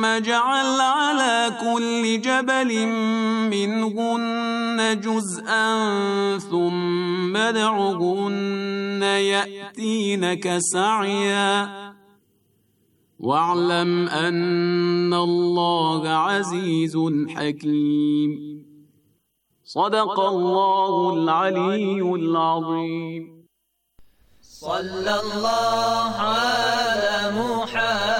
ثم جعل على كل جبل منهن جزءا ثم ادعهن يأتينك سعيا واعلم أن الله عزيز حكيم صدق الله العلي العظيم صلى الله على محمد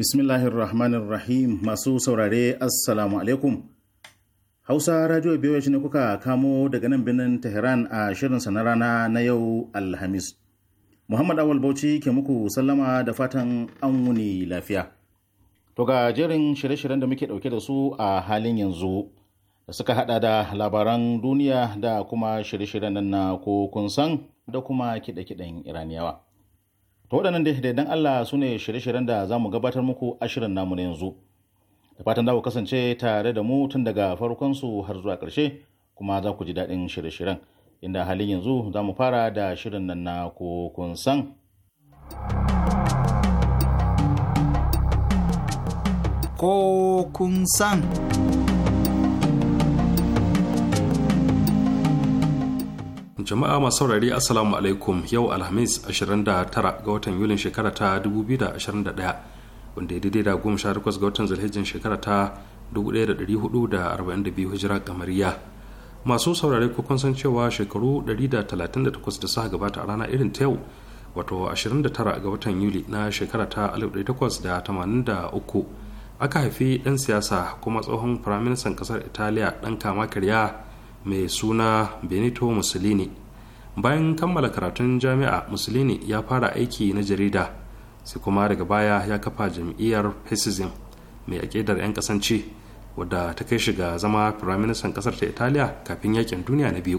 Bismillahirrahmanirrahim masu saurare Assalamu alaikum. Hausa Radio BOH ne kuka kamo daga nan birnin Tehran a shirinsa na rana na yau Alhamis. Muhammad Awal Bauchi ke muku sallama da fatan an wuni lafiya. To ga jerin shirye-shiryen da muke ɗauke da su a halin yanzu da suka hada da labaran duniya da kuma shirye-shiryen na ko kun san da kuma kiɗe-kiɗen Iraniyawa. to waɗannan dai da Allah su ne shirye-shiryen da za mu gabatar muku a shirin namu na yanzu da fatan za ku kasance tare da mu tun daga farkon su har zuwa ƙarshe kuma za ku ji daɗin shirye-shiryen inda halin yanzu za mu fara da shirin nan na kun san ko kun san jama'a masu saurari assalamu alaikum yau alhamis 29 ga watan yulin shekara ta 2021 wanda ya daidai da 18 ga watan zalhijin shekara ta 1442 hijira kamariya masu saurari ko san cewa shekaru 138 da suka gabata a rana irin ta yau wato 29 ga watan yuli na shekara ta 1883 aka haifi ɗan siyasa kuma tsohon firaministan ƙasar italiya ɗan kama karya mai suna benito mussolini bayan kammala karatun jami'a musulini ya fara aiki na jarida sai kuma daga baya ya kafa jam'iyyar hesizim mai aƙidar 'yan kasance wadda ta kai shiga zama firaministan kasar ta italiya kafin yakin duniya na biyu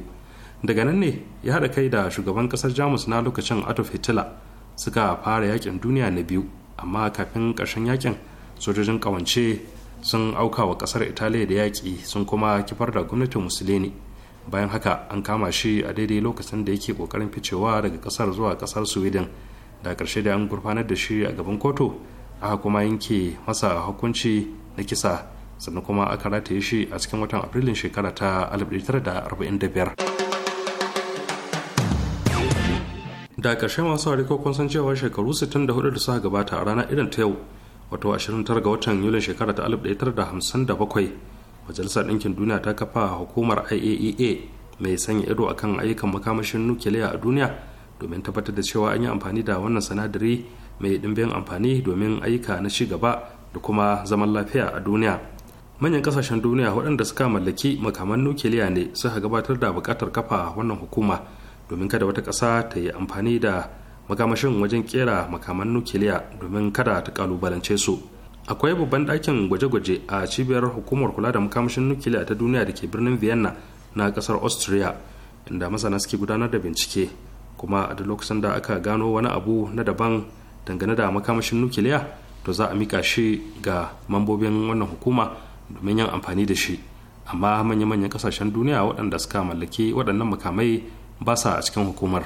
daga nan ne ya haɗa kai da shugaban ƙasar jamus na lokacin adolf hitler suka fara yakin duniya na biyu amma kafin ƙarshen yakin sojojin ƙawance sun auka wa ƙasar italiya da yaƙi sun kuma kifar da gwamnatin musulini bayan haka an kama shi a daidai lokacin da yake kokarin ficewa daga kasar zuwa kasar sweden da karshe da an gurfanar da shi a gaban kotu aka kuma yanke masa hukunci na kisa sannan kuma aka rataye shi a cikin watan afrilun shekara ta 1945 da karshe masu hariko kun san cewa shekaru 64 da suka gabata a ranar irin ta yau wato 29 ga watan yulin shekara ta 1957 majalisar ɗinkin duniya ta kafa hukumar iaea e mai sanya ido akan ayyukan makamashin nukiliya a duniya domin tabbatar da cewa an yi amfani da wannan sanadari mai ɗimbin amfani domin ayyuka na ci gaba da kuma zaman lafiya a duniya manyan kasashen duniya waɗanda suka mallaki makaman nukiliya ne suka gabatar da buƙatar kafa wannan hukuma domin kada wata ƙasa ta yi amfani da makamashin wajen kera makaman nukiliya domin kada ta kalubalance su akwai babban ɗakin gwaje-gwaje a cibiyar hukumar kula da makamashin nukiliya ta duniya da ke birnin vienna na ƙasar austria inda masana suke gudanar da bincike kuma a duk lokacin da aka gano wani abu na daban dangane da makamashin nukiliya to za a mika shi ga mambobin wannan hukuma domin yin amfani da shi amma manya-manyan kasashen duniya waɗanda suka mallaki waɗannan makamai ba sa a cikin hukumar.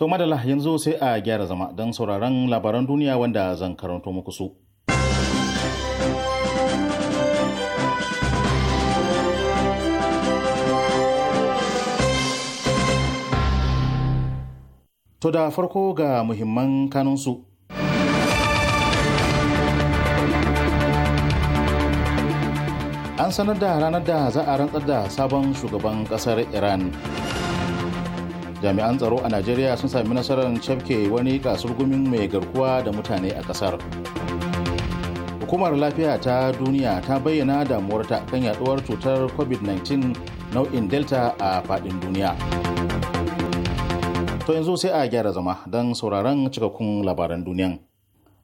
To madala yanzu sai a gyara zama don sauraron labaran duniya wanda zan karanto muku su. To da farko ga muhimman kanunsu. An sanar da ranar da za a rantsar da sabon shugaban kasar Iran. jami'an tsaro a najeriya sun sami nasarar cafke wani kasurgumin mai garkuwa da mutane a kasar hukumar lafiya ta duniya ta bayyana damuwarta kan yaduwar cutar covid-19 nau'in delta a fadin duniya to yanzu sai a gyara zama don sauraron cikakkun labaran duniyan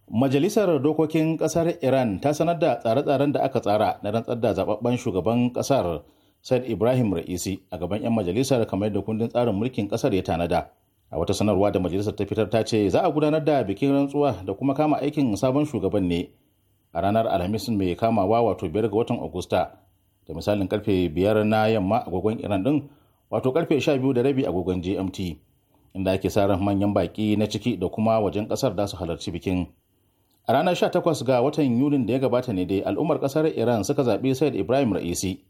majalisar dokokin kasar iran ta sanar da tsare-tsaren da aka tsara na rantsar da zababben shugaban kasar said ibrahim ra'isi a gaban 'yan majalisar kamar yadda kundin tsarin mulkin kasar ya tanada a wata sanarwa da majalisar ta fitar ta ce za a gudanar da bikin rantsuwa da kuma kama aikin sabon shugaban ne a ranar alhamis mai kamawa wato biyar ga watan agusta da misalin karfe biyar na yamma agogon iran din wato karfe sha biyu da rabi agogon gmt inda ake sa ran manyan baki na ciki da kuma wajen kasar da su halarci bikin a ranar 18 ga watan yulin da ya gabata ne dai al'ummar kasar iran suka zaɓi said ibrahim ra'isi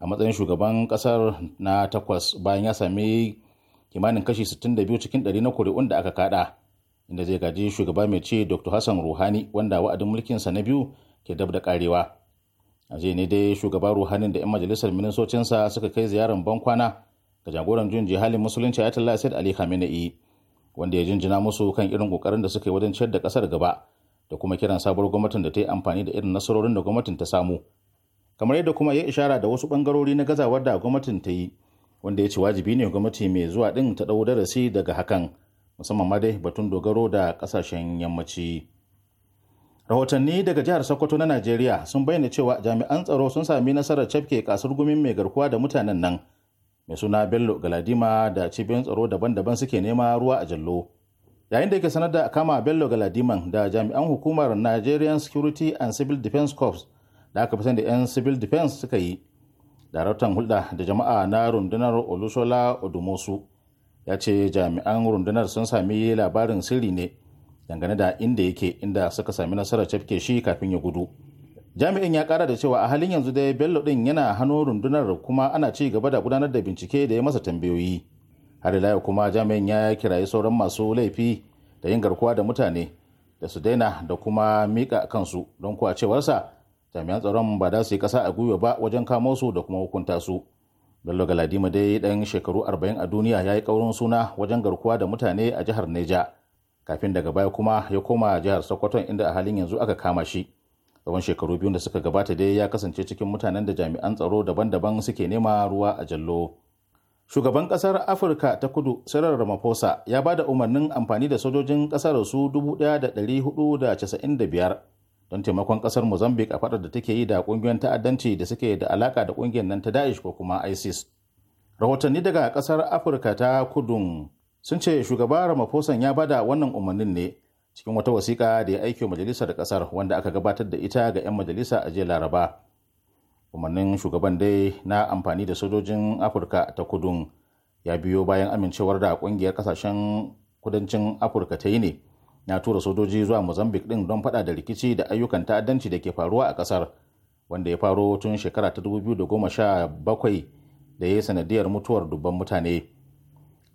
a matsayin shugaban kasar na takwas bayan ya sami kimanin kashi 62 cikin 100 na kuri'un da aka kada inda zai gaji shugaba mai ce dr hassan ruhani wanda wa'adin mulkinsa na biyu ke dab da karewa a ne dai shugaba ruhani da 'yan majalisar minisocinsa suka kai ziyarar bankwana ga jagoran jin jihalin musulunci ayatollah said ali khamenei wanda ya jinjina musu kan irin kokarin da suka yi wajen ciyar da kasar gaba da kuma kiran sabuwar gwamnatin da ta yi amfani da irin nasarorin da gwamnatin ta samu kamar yadda kuma ya ishara da wasu bangarori na gazawar da gwamnatin ta yi wanda ya ce wajibi ne gwamnati mai zuwa din ta dau darasi daga hakan musamman ma dai batun dogaro da kasashen yammaci rahotanni daga jihar sokoto na najeriya sun bayyana cewa jami'an tsaro sun sami nasarar cafke kasar gumin mai garkuwa da mutanen nan mai suna bello galadima da cibiyoyin tsaro daban-daban suke nema ruwa a jallo yayin da yake sanar da kama bello galadiman da jami'an hukumar nigerian security and civil defense corps da aka fi san da 'yan civil defense suka yi daraktan hulɗa da jama'a na rundunar olusola odumosu ya ce jami'an rundunar sun sami labarin sirri ne dangane da inda yake inda suka sami nasarar cafke shi kafin ya gudu jami'in ya kara da cewa a halin yanzu dai bello din yana hannun rundunar kuma ana ci gaba da gudanar da bincike da ya masa tambayoyi har ila kuma jami'in ya kirayi sauran masu laifi da yin garkuwa da mutane da su daina da kuma mika kansu don kuwa cewarsa jami'an tsaron ba da su yi kasa a gwiwa ba wajen kamo su da kuma hukunta su bello galadima dai dan shekaru 40 a duniya ya yi kaurin suna wajen garkuwa da mutane a jihar neja kafin daga baya kuma ya koma jihar sokoto inda a halin yanzu aka kama shi tsawon shekaru biyu da suka gabata dai ya kasance cikin mutanen da jami'an tsaro daban-daban suke nema ruwa a jallo shugaban kasar afirka ta kudu sirar ramaphosa ya ba da umarnin amfani da sojojin kasar su 1495 don taimakon kasar mozambique a fadar da take yi da kungiyoyin ta'addanci da suke da alaka da kungiyar nan ta daesh ko kuma isis rahotanni daga kasar afirka ta kudun sun ce shugaba ramaphosa ya bada wannan umarnin ne cikin wata wasiƙa da ya aiki majalisar kasar wanda aka gabatar da ita ga 'yan majalisa a jiya laraba umarnin shugaban dai na amfani da sojojin afirka ta kudun ya biyo bayan amincewar da kungiyar kasashen kudancin afirka ta yi ne na tura sojoji zuwa mozambique din don fada da rikici da ayyukan ta'addanci da ke faruwa a kasar wanda ya faro tun shekara ta 2017 da ya yi sanadiyar mutuwar dubban mutane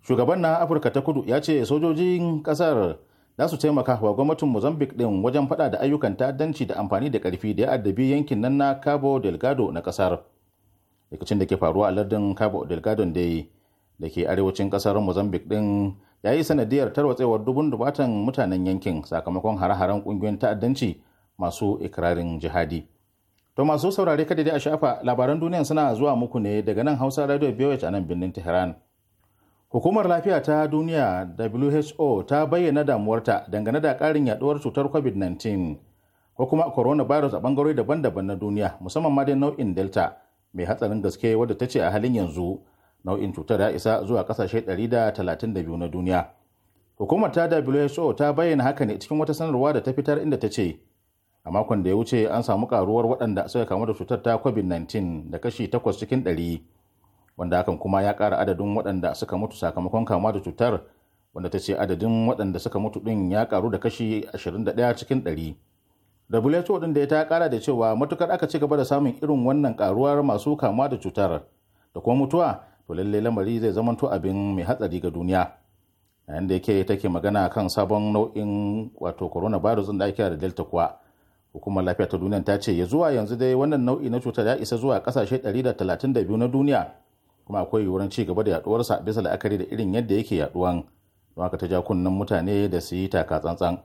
shugaban na afirka ta kudu ya ce sojojin kasar za su taimaka wa gwamnatin mozambique din wajen fada da ayyukan ta'addanci da amfani da karfi da ya addabi yankin nan na cabo delgado na kasar rikicin da ke faruwa a lardin cabo delgado da ke arewacin kasar mozambique din ya yi sanadiyar tarwatsewar dubun dubatan mutanen yankin sakamakon hare-haren kungiyoyin ta'addanci masu ikirarin jihadi. To masu saurare kada dai a shafa labaran duniya suna zuwa muku ne daga nan Hausa Radio BOH a nan birnin Tehran. Hukumar lafiya ta duniya WHO ta bayyana damuwarta dangane da ƙarin yaduwar cutar COVID-19 ko kuma coronavirus a bangarori daban-daban na duniya musamman ma dai nau'in Delta mai hatsarin gaske wadda ta ce a halin yanzu nau'in cutar ya isa zuwa kasashe 132 na duniya hukumar ta who ta bayyana haka ne cikin wata sanarwa da ta fitar inda ta ce a makon da ya wuce an samu karuwar waɗanda suka kamu da cutar ta covid-19 da kashi 8 cikin 100 wanda hakan kuma ya ƙara adadin waɗanda suka mutu sakamakon kama da cutar wanda ta ce adadin waɗanda suka mutu ɗin ya ƙaru da kashi 21 cikin 100 WHO ɗin da ya ta ƙara da cewa matukar aka ci gaba da samun irin wannan karuwar masu kama da cutar da kuma mutuwa to lalle lamari zai zamanto abin mai hatsari ga duniya yayin da yake take magana kan sabon nau'in wato coronavirus da ake da delta kuwa hukumar lafiya ta duniya ta ce ya zuwa yanzu dai wannan nau'i na cutar ya isa zuwa kasashe 132 na duniya kuma akwai yiwuwar ci gaba da yaduwarsa bisa la'akari da irin yadda yake yaduwan don haka ta ja kunnen mutane da su yi taka tsantsan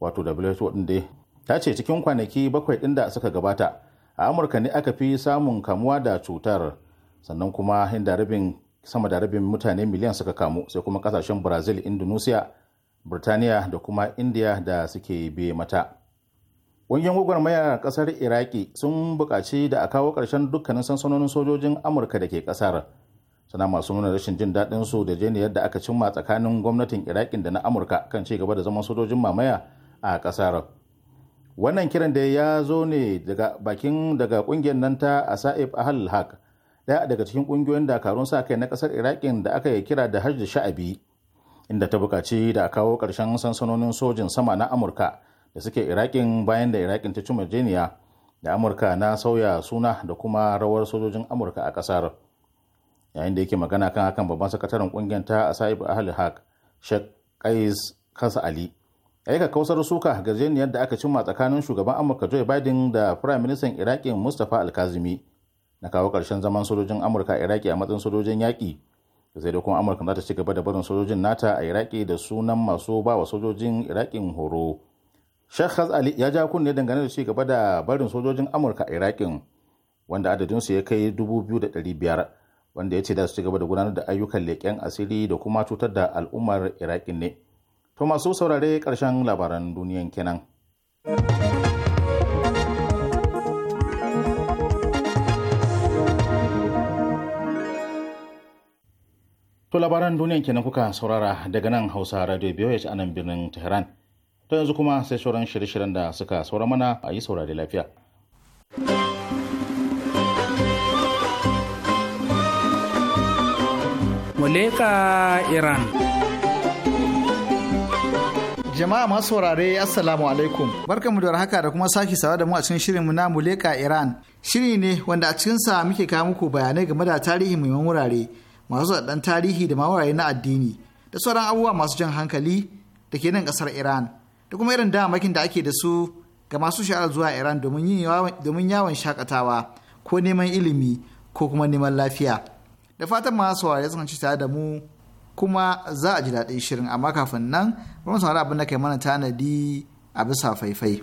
wato WHO din dai ta ce cikin kwanaki bakwai ɗin da suka gabata a amurka ne aka fi samun kamuwa da cutar sannan kuma inda rabin sama da rabin mutane miliyan suka kamu sai kuma kasashen brazil indonesia birtaniya da kuma indiya da suke biye mata ƙungiyar a ƙasar iraki sun buƙaci da a kawo ƙarshen dukkanin sansanonin sojojin amurka da ke ƙasar suna masu nuna rashin jin daɗin su da jeniyar da aka cimma tsakanin gwamnatin irakin da na amurka kan ci gaba da zaman sojojin mamaya a ƙasar wannan kiran da ya zo ne daga bakin daga ƙungiyar nan ta asaif ahal haq daya daga cikin kungiyoyin dakarun sa kai na kasar irakin da aka yi kira da hajj sha'abi inda ta bukaci da kawo karshen sansanonin sojin sama na amurka da suke irakin bayan da irakin ta ci Virginia da amurka na sauya suna da kuma rawar sojojin amurka a kasar yayin da yake magana kan hakan babban sakataren kungiyar ta asaib ahli haq sheikh qais kasa ali aika kausar suka ga gajeniyar da aka cimma tsakanin shugaban amurka joe biden da prime minister irakin mustapha alkazimi na kawo ƙarshen zaman sojojin amurka a iraki a matsayin sojojin yaƙi sai da kuma amurka za ta ci gaba da barin sojojin nata a iraki da sunan masu ba wa sojojin iraƙin horo shahaz ali ya ja kunne dangane da ci gaba da barin sojojin amurka a irakin wanda adadinsu ya kai 2,500 wanda ya ce da su ci gaba da gudanar da ayyukan leƙen asiri da kuma cutar da al'ummar iraki ne to masu saurare ƙarshen labaran duniyan kenan. To labaran duniyan kenan kuka saurara daga nan Hausa Radio BOH a nan birnin Tehran. To yanzu kuma sai sauran shirye-shiryen da suka saura mana a yi saurari lafiya. Muleka Iran Jama'a masu saurare Assalamu alaikum. Barkanmu da haka da kuma sake sawa da mu a cikin shirinmu na Muleka Iran. Shiri ne wanda a cikinsa muke kawo muku bayanai game da tarihi muhimman wurare. masu zaɗan tarihi da mawaye na addini da sauran abubuwa masu jan hankali da ke nan ƙasar iran da kuma irin damakin da ake da su ga masu sha'ar zuwa iran domin yawon shakatawa ko neman ilimi ko kuma neman lafiya da fatan masu saurare sun ci tare da mu kuma za a ji daɗin shirin amma kafin nan bari mu saurari abin da kai mana tanadi a bisa faifai.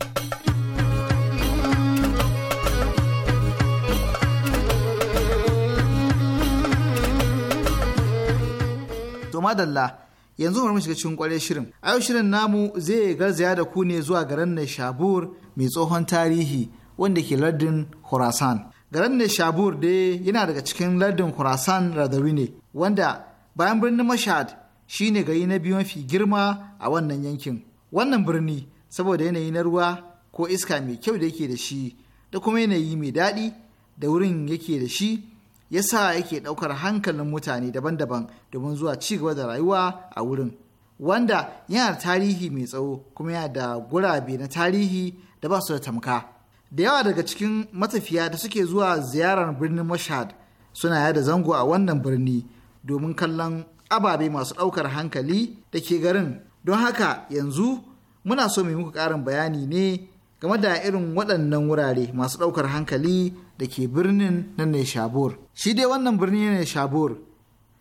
To madalla yanzu bari mu shiga cikin kwarai shirin. A yau shirin namu zai garzaya da ku ne zuwa garin Nishabur mai tsohon tarihi wanda ke lardin Khurasan. Garin Nishabur dai yana daga cikin lardin Khurasan Radawi ne wanda bayan birnin Mashhad shine gari na biyu mafi girma a wannan yankin. Wannan birni saboda yanayi na ruwa ko iska mai kyau da yake da shi da kuma yanayi mai daɗi da wurin yake da shi Ya sa yake ɗaukar hankalin mutane daban-daban domin zuwa ci gaba da rayuwa a wurin wanda yana da tarihi mai tsawo kuma yana da gurabe na tarihi da ba su da tamka da yawa daga cikin matafiya da suke zuwa ziyarar birnin Mashad suna yada zango a wannan birni domin kallon ababe masu ɗaukar hankali da ke garin don haka yanzu muna so mu muku ƙarin bayani ne game da irin waɗannan wurare masu ɗaukar hankali da ke birnin na Neshabur. Shi dai wannan birni na Neshabur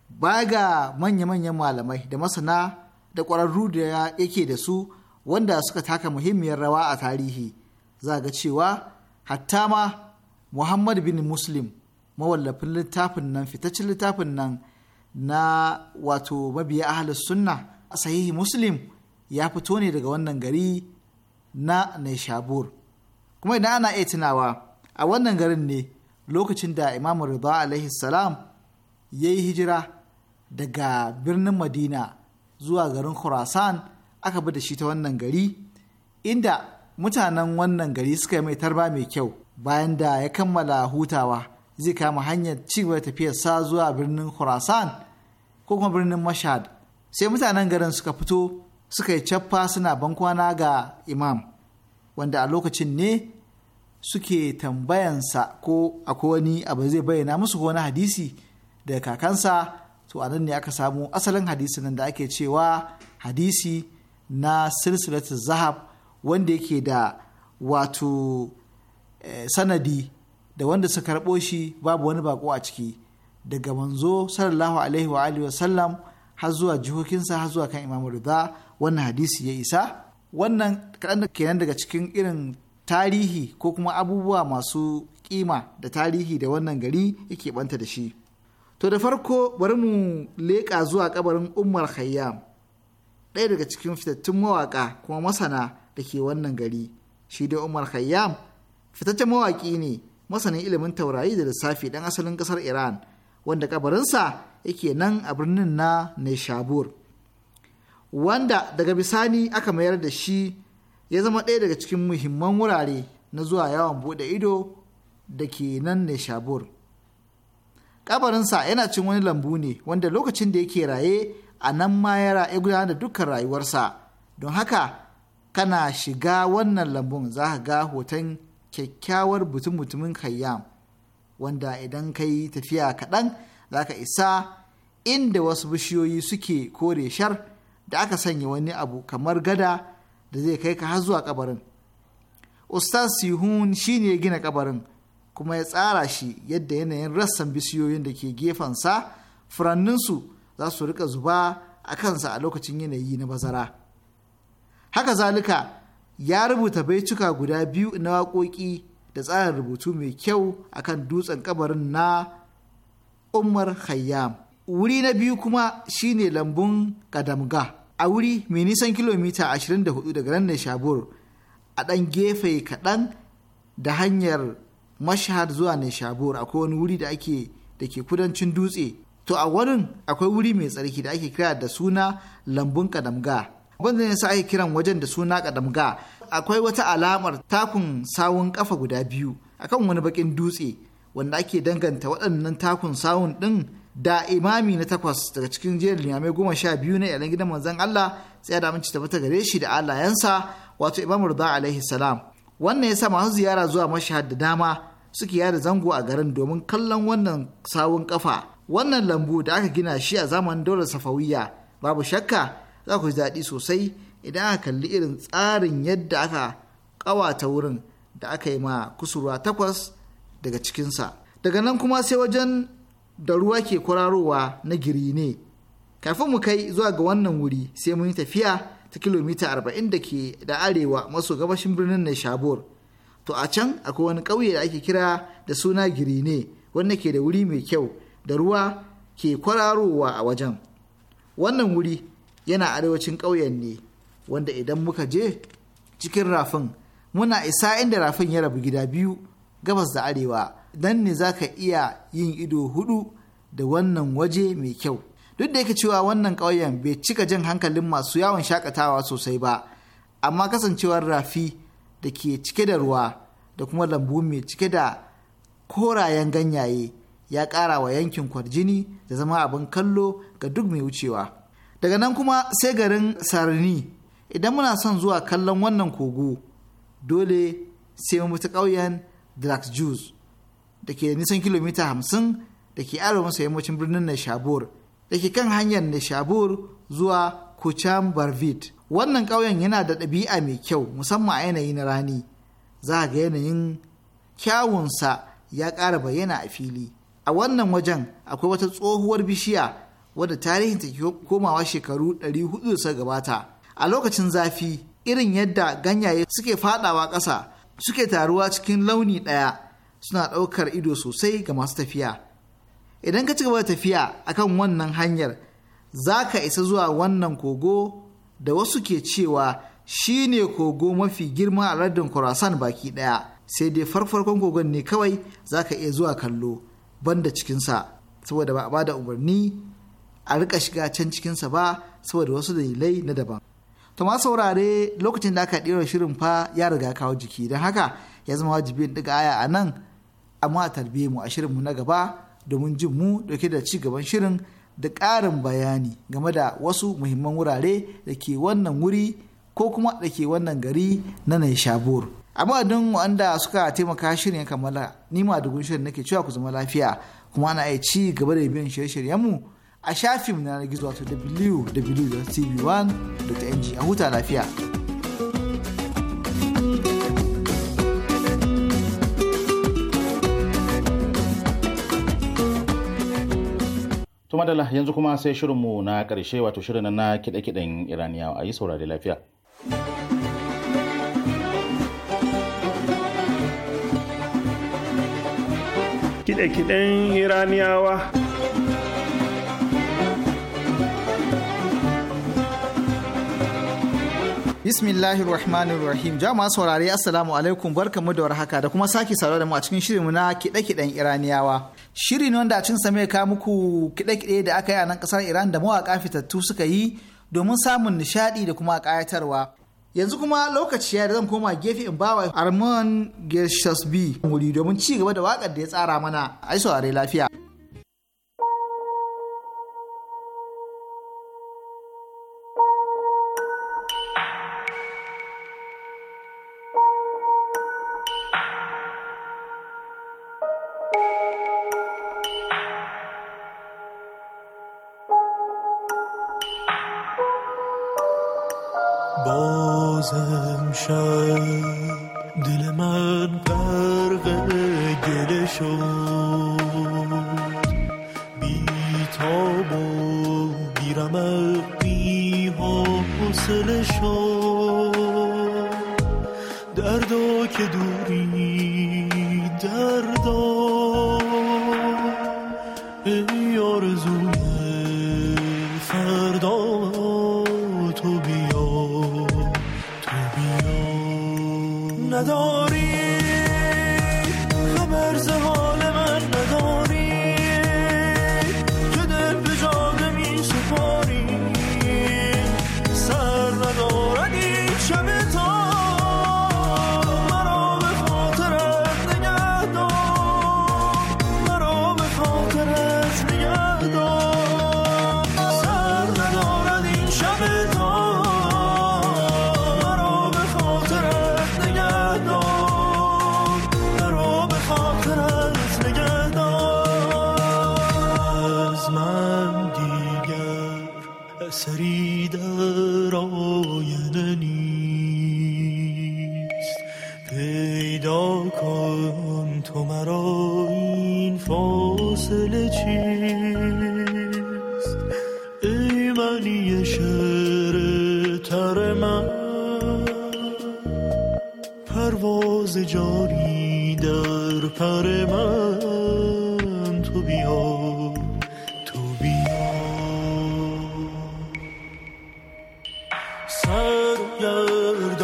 ba ga manya-manyan malamai da masana da ƙwararru da yake da su wanda suka taka muhimmiyar rawa a tarihi za ga cewa hatta ma Muhammad bin Muslim mawallafin littafin nan fitaccen littafin nan na wato mabiya ahalus sunna a sahihi Muslim ya fito ne daga wannan gari na Neshabur. Kuma idan ana iya tunawa a wannan garin ne lokacin da Imam Rida alaihi salam ya yi hijira daga birnin Madina zuwa garin Khurasan aka bi da shi ta wannan gari inda mutanen wannan gari suka yi mai tarba mai kyau bayan da ya kammala hutawa zai kama hanyar cigaba tafiyarsa zuwa birnin Khurasan ko kuma birnin Mashhad sai mutanen garin suka fito suka yi caffa suna bankwana ga imam wanda a lokacin ne suke tambayansa ko akwai wani abu zai bayyana musu ko wani hadisi daga kakansa to anan ne aka samu asalin hadisi nan da ake cewa hadisi na silsilat zahab wanda yake da wato eh, sanadi da wanda suka karɓo shi babu wani bako a ciki daga manzo sallallahu alaihi wa alihi har zuwa jihokinsa har zuwa kan imamu rida wannan hadisi ya isa wannan kaɗan da kenan daga cikin irin tarihi ko kuma abubuwa masu kima da tarihi da wannan gari yake banta da shi to da farko bari mu leƙa zuwa kabarin Umar khayyam ɗaya daga cikin fitattun mawaƙa kuma masana da ke wannan gari shi dai umar khayyam fitaccen mawaƙi ne masanin ilimin taurari da lissafi ɗan asalin ƙasar iran wanda kabarinsa yake nan a birnin na neshabur wanda daga bisani aka mayar da shi ya zama ɗaya daga cikin muhimman wurare na zuwa yawon buɗe ido da ke nan ne shabur Ƙabarinsa yana cin wani lambu ne wanda lokacin da yake raye a nan ma ya gudanar da dukkan rayuwarsa don haka kana shiga wannan lambun za ka ga hoton kyakkyawar mutum-mutumin kayyam wanda idan ka yi tafiya kaɗan za ka isa inda wasu bishiyoyi suke kore shar da aka sanya wani abu kamar gada da zai kai ka har zuwa kabarin ustaz sihun shine ya gina kabarin kuma ya tsara shi yadda yanayin rassan bisiyoyin da ke gefensa furanninsu za su rika zuba a kansa a lokacin yanayi na bazara haka zalika ya rubuta baituka guda biyu na waƙoƙi da tsarin rubutu mai kyau akan dutsen kabarin na umar khayyam wuri na biyu kuma shine lambun kadamga a wuri mai nisan kilomita 24 daga nan nishabur a ɗan gefe kaɗan da hanyar mashahar zuwa nishabur akwai wani wuri da ake da ke kudancin dutse to a wurin akwai wuri mai tsarki da ake kira da suna lambun kadamga wanda ne sa ake kiran wajen da suna kadamga akwai wata alamar takun sawun kafa guda biyu akan wani bakin dutse wanda ake danganta waɗannan takun sawun ɗin da imami na takwas daga cikin jerin limamai goma sha biyu na iyalan gidan manzan Allah tsaya da aminci ta gare shi da alayansa wato Imam Rida alaihi salam wannan sa masu ziyara zuwa mashahad da dama suke yada zango a garin domin kallon wannan sawun kafa wannan lambu da aka gina shi a zamanin daular safawiya babu shakka za ku ji daɗi sosai idan aka kalli irin tsarin yadda aka kawata wurin da aka yi ma kusurwa takwas daga cikinsa daga nan kuma sai wajen da ruwa ke kwararowa na giri ne kafin mu kai zuwa ga wannan wuri sai mun yi tafiya ta kilomita 40 da ke da arewa maso gabashin birnin Neshabur. To a can akwai wani ƙauye da ake kira da suna Girine wanda ke da wuri mai kyau da ruwa ke kwararowa a wajen. Wannan wuri yana arewacin ƙauyen ne wanda idan muka je cikin rafin muna isa inda rafin ya rabu gida biyu gabas da arewa nan ne za ka iya yin ido hudu da wannan waje mai kyau duk da yake cewa wannan ƙauyen bai cika jin hankalin masu yawon shakatawa sosai ba amma kasancewar rafi da ke cike da ruwa da kuma lambu mai cike da korayen ganyaye ya ƙara wa yankin kwarjini da zama abin kallo ga duk mai wucewa daga nan kuma sai garin sarni idan muna son zuwa kallon wannan kogo dole sai mu ƙauyen drax juice da ke nisan kilomita hamsin da ke arewa masa yammacin birnin Neshabur da ke kan hanyar Neshabur zuwa Kucham Barvit. Wannan ƙauyen yana da ɗabi'a mai kyau musamman a yanayi na rani. Za ga yanayin kyawunsa ya ƙara bayyana a fili. A wannan wajen akwai wata tsohuwar bishiya wadda tarihin ta komawa shekaru ɗari 400 suka gabata. A lokacin zafi irin yadda ganyaye suke faɗawa ƙasa suke taruwa cikin launi ɗaya suna ɗaukar ido sosai ga masu tafiya idan ka ci gaba da tafiya akan wannan hanyar za ka isa zuwa wannan kogo da wasu ke cewa shi ne kogo mafi girma a lardin kurasan baki ɗaya sai dai farfarkon kogon ne kawai za ka iya zuwa kallo banda cikinsa saboda ba a bada umarni a rika shiga can cikinsa ba saboda wasu dalilai na daban. To ma saurare lokacin da aka ɗera shirin fa ya riga kawo jiki don haka ya zama wajibin ɗiga aya a nan amma a tarbiyyar mu a shirin mu na gaba domin jin mu dauke da ci gaban shirin da ƙarin bayani game da wasu muhimman wurare da ke wannan wuri ko kuma da ke wannan gari na Naishabur. A madadin wanda suka taimaka shirin kammala ni ma dugun shirin nake cewa ku zama lafiya kuma ana iya ci gaba da biyan shirye shiryen mu a shafin na gizo wato www.tv1.ng a huta lafiya. To madalla yanzu kuma sai shirinmu na ƙarshe wato shirin na kiɗe-kiɗen iraniya a yi saurari lafiya. Kiɗe-kiɗen Iraniyawa. Bismillahir Rahmanir Rahim. Jama'a saurare Assalamu alaikum barka mu da warhaka da kuma sake saurare da mu a cikin shirinmu na kiɗe-kiɗen Iraniyawa. Shiri wanda a cikin mai ka muku kiɗe-kiɗe da aka yi a nan ƙasar Iran da mawaƙa fitattu suka yi domin samun nishaɗi da kuma ƙayatarwa. Yanzu kuma lokaci ya da zan koma gefe in bawa Arman Gershasbi wuri domin ci gaba da waƙar da ya tsara mana. Ai saurare lafiya. بازم شد دل من غرق گله شد بی تاب و بی ها حسله شد دردا که دور سر گردانم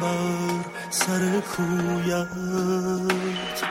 بر سر کویت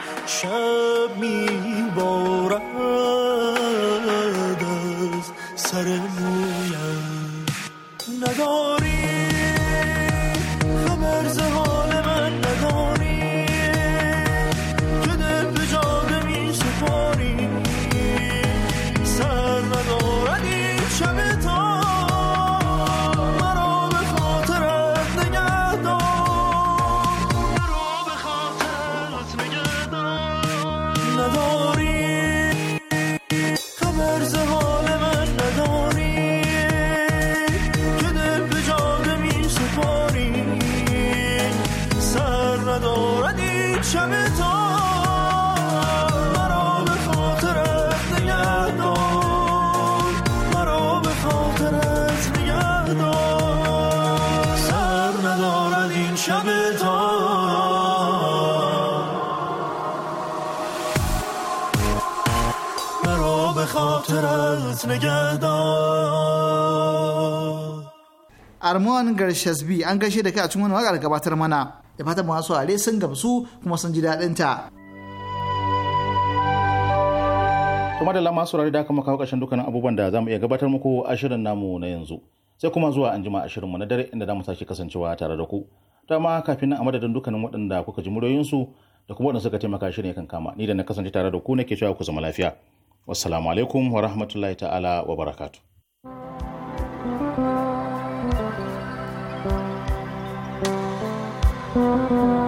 نگهدار armuwan bi an gaishe da kai a cikin wani da gabatar mana da fatan masu are sun gamsu kuma sun ji daɗin ta. kuma da lama saurari da aka kawo ƙarshen dukkanin abubuwan da za mu iya gabatar muku a shirin namu na yanzu sai kuma zuwa an jima a shirinmu na dare inda za mu sake kasancewa tare da ku dama kafin nan a madadin dukkanin waɗanda kuka ji muryoyinsu da kuma waɗanda suka taimaka shirin kan kama ni da na kasance tare da ku nake cewa ku zama lafiya. Wassalamu alaikum wa rahmatullahi ta'ala wa barakatu. thank you